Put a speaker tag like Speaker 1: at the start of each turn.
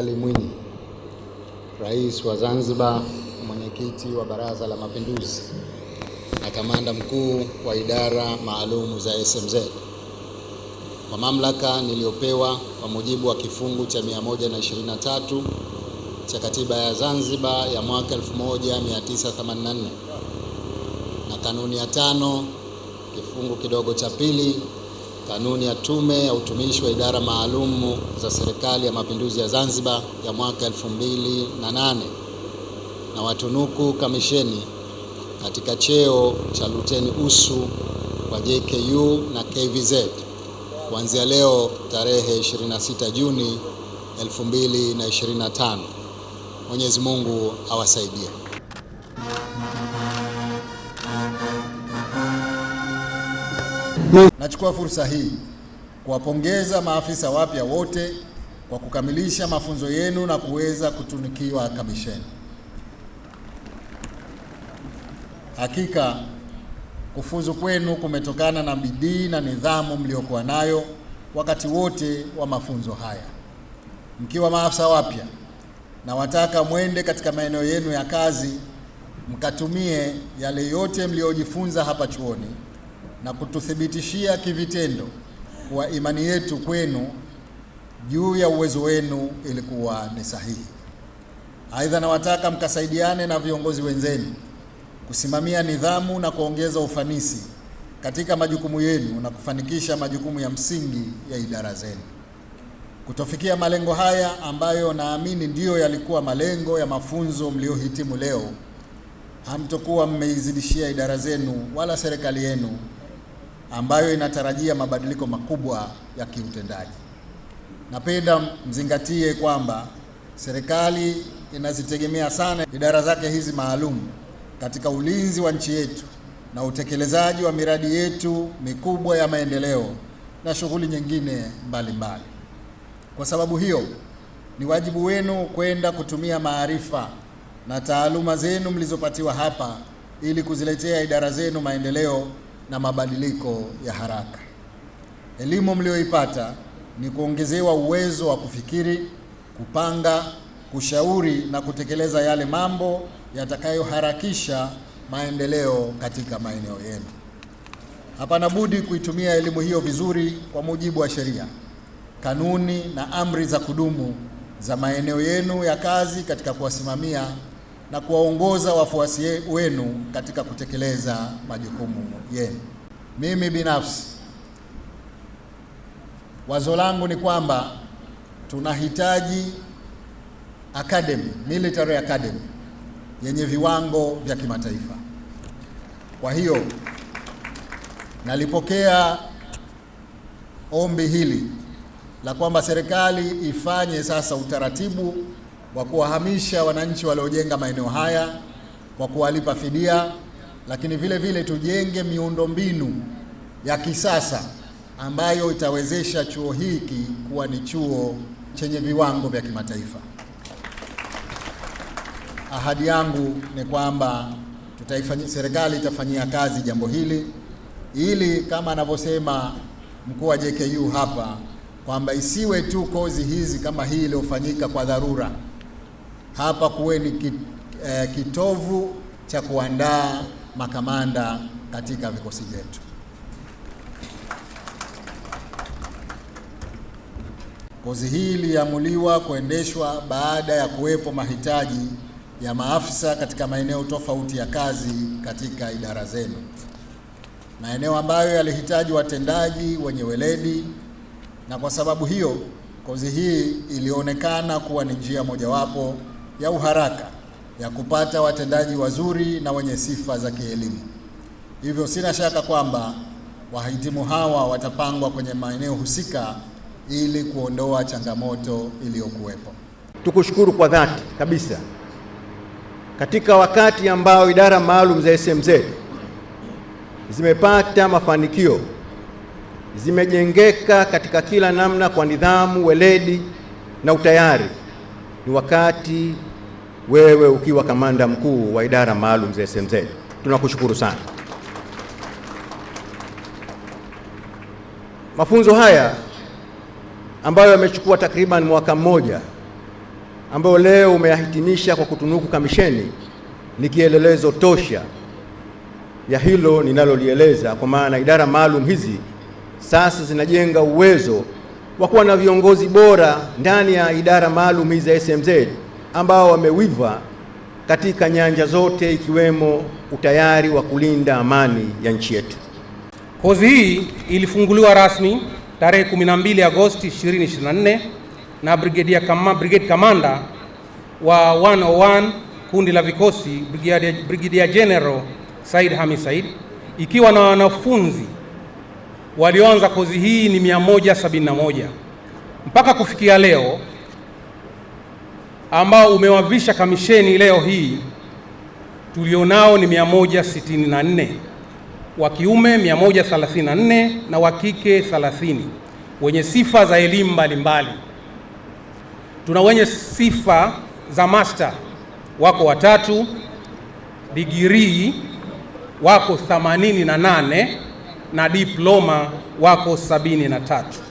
Speaker 1: Ali Mwinyi, rais wa Zanzibar, mwenyekiti wa Baraza la Mapinduzi na kamanda mkuu wa idara maalumu za SMZ, kwa mamlaka niliyopewa kwa mujibu wa kifungu cha 123 cha Katiba ya Zanzibar ya mwaka 1984 na kanuni ya tano kifungu kidogo cha pili Kanuni ya Tume ya Utumishi wa Idara maalum za Serikali ya Mapinduzi ya Zanzibar ya mwaka 2008 na watunuku kamisheni katika cheo cha luteni usu kwa JKU na KVZ kuanzia leo tarehe 26 Juni 2025. Mwenyezi Mungu awasaidie.
Speaker 2: Nachukua fursa hii kuwapongeza maafisa wapya wote kwa kukamilisha mafunzo yenu na kuweza kutunikiwa kamisheni. Hakika kufuzu kwenu kumetokana na bidii na nidhamu mliokuwa nayo wakati wote wa mafunzo haya. Mkiwa maafisa wapya, nawataka mwende katika maeneo yenu ya kazi mkatumie yale yote mliyojifunza hapa chuoni na kututhibitishia kivitendo kuwa imani yetu kwenu juu ya uwezo wenu ilikuwa ni sahihi. Aidha, nawataka mkasaidiane na viongozi wenzenu kusimamia nidhamu na kuongeza ufanisi katika majukumu yenu na kufanikisha majukumu ya msingi ya idara zenu. Kutofikia malengo haya ambayo naamini ndiyo yalikuwa malengo ya mafunzo mliohitimu leo, hamtokuwa mmeizidishia idara zenu wala serikali yenu ambayo inatarajia mabadiliko makubwa ya kiutendaji. Napenda mzingatie kwamba serikali inazitegemea sana idara zake hizi maalum katika ulinzi wa nchi yetu na utekelezaji wa miradi yetu mikubwa ya maendeleo na shughuli nyingine mbalimbali mbali. Kwa sababu hiyo, ni wajibu wenu kwenda kutumia maarifa na taaluma zenu mlizopatiwa hapa ili kuziletea idara zenu maendeleo na mabadiliko ya haraka. Elimu mliyoipata ni kuongezewa uwezo wa kufikiri, kupanga, kushauri na kutekeleza yale mambo yatakayoharakisha maendeleo katika maeneo yenu. Hapana budi kuitumia elimu hiyo vizuri kwa mujibu wa sheria, kanuni na amri za kudumu za maeneo yenu ya kazi katika kuwasimamia na kuwaongoza wafuasi wenu katika kutekeleza majukumu yenu. Mimi binafsi wazo langu ni kwamba tunahitaji academy, military academy yenye viwango vya kimataifa. Kwa hiyo nalipokea ombi hili la kwamba serikali ifanye sasa utaratibu wa kuwahamisha wananchi waliojenga maeneo haya kwa kuwalipa fidia, lakini vile vile tujenge miundombinu ya kisasa ambayo itawezesha chuo hiki kuwa ni chuo chenye viwango vya kimataifa. Ahadi yangu ni kwamba tutaifanya, serikali itafanyia kazi jambo hili ili kama anavyosema mkuu wa JKU hapa kwamba isiwe tu kozi hizi kama hii iliyofanyika kwa dharura hapa kuwe ni eh, kitovu cha kuandaa makamanda katika vikosi vyetu. Kozi hii iliamuliwa kuendeshwa baada ya kuwepo mahitaji ya maafisa katika maeneo tofauti ya kazi katika idara zenu, maeneo ambayo yalihitaji watendaji wenye weledi, na kwa sababu hiyo kozi hii ilionekana kuwa ni njia mojawapo ya uharaka ya kupata watendaji wazuri na wenye sifa za kielimu. Hivyo sina shaka kwamba wahitimu hawa watapangwa kwenye maeneo husika ili kuondoa changamoto iliyokuwepo.
Speaker 3: Tukushukuru kwa dhati kabisa katika wakati ambao idara maalum za SMZ zimepata mafanikio, zimejengeka katika kila namna kwa nidhamu, weledi na utayari, ni wakati wewe ukiwa kamanda mkuu wa idara maalum za SMZ, tunakushukuru sana. Mafunzo haya ambayo yamechukua takriban mwaka mmoja, ambayo leo umeyahitimisha kwa kutunuku kamisheni, ni kielelezo tosha ya hilo ninalolieleza, kwa maana idara maalum hizi sasa zinajenga uwezo wa kuwa na viongozi bora ndani ya idara maalum hizi za SMZ ambao wamewiva katika nyanja zote ikiwemo utayari wa kulinda amani ya nchi yetu.
Speaker 4: Kozi hii ilifunguliwa rasmi tarehe 12 Agosti 2024 na brigade kama, brigade kamanda wa 101 kundi la vikosi Brigadier General Said Hamid Said ikiwa na wanafunzi walioanza kozi hii ni 171 mpaka kufikia leo ambao umewavisha kamisheni leo hii tulionao ni 164 wa kiume 134 na wa kike 30 wenye sifa za elimu mbalimbali. Tuna wenye sifa za master wako watatu, digrii wako 88 na diploma wako 73.